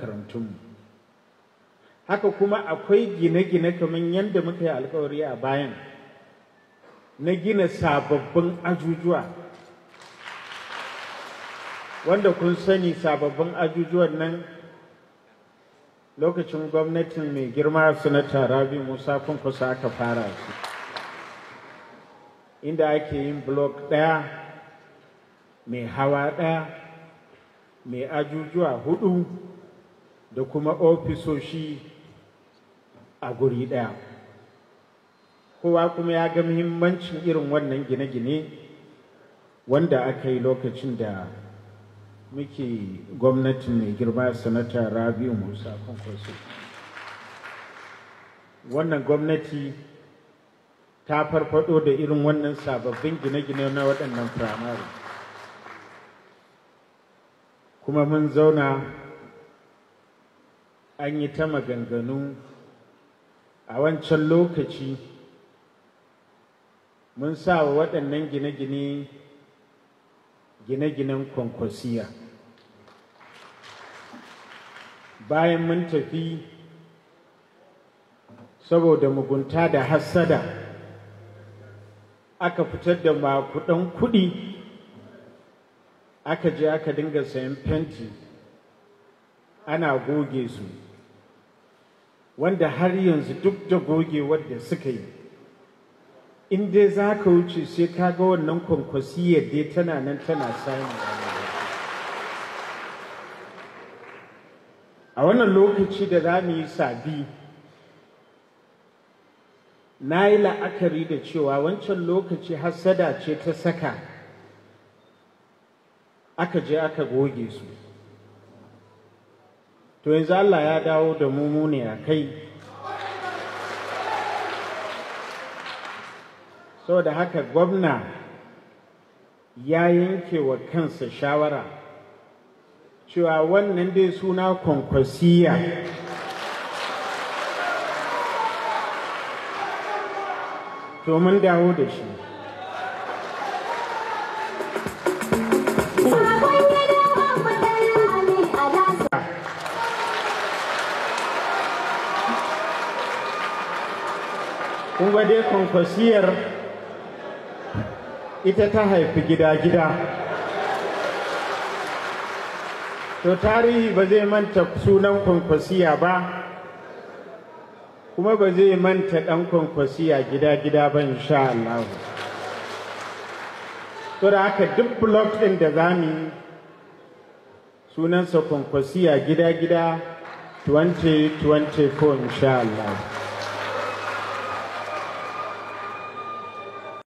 karantunmu haka kuma akwai gine-gine kamar yadda muka yi alkawari a bayan na gina sababbin ajujuwa wanda kun sani sababbin ajujuwan nan lokacin gwamnatin mai girma sanata rabi musa kusa aka fara su inda ake yin blok ɗaya mai hawa ɗaya mai ajujuwa hudu da kuma ofisoshi a guri ɗaya kowa kuma ya ga muhimmancin irin wannan gine-gine wanda aka yi lokacin da muke gwamnatin mai girma sanata rabiu musa kwankwaso wannan gwamnati ta farfado da irin wannan sababbin gine-gine na waɗannan firamare kuma mun zauna an yi ta maganganu a wancan lokaci mun sa wa waɗannan gine-gine gine-ginen kwankwasiya bayan mun tafi saboda mugunta da hassada aka fitar da makudan kuɗi aka je aka dinga sayan fenti ana goge su wanda har yanzu duk da gogewar da suka yi in dai za ka wuce sai ka ga wannan kwankwasiyar dai tana nan tana samu a wannan lokaci da za mu yi sabi na yi la'akari da cewa wancan lokaci hassada ce ta saka aka je aka goge su to yanzu Allah ya dawo da mu ne a kai da haka gwamna ya yanke wa kansa shawara cewa wannan dai suna kwankwasiya to mun dawo da shi kun dai kwankwasiyar ita ta haifi gida-gida to tarihi ba zai manta sunan kwankwasiya ba kuma ba zai manta ɗan kwankwasiya gida-gida ba insha Allah to da haka duk blok ɗin da za mu yi sunansa kwankwasiya gida-gida 2024 insha Allah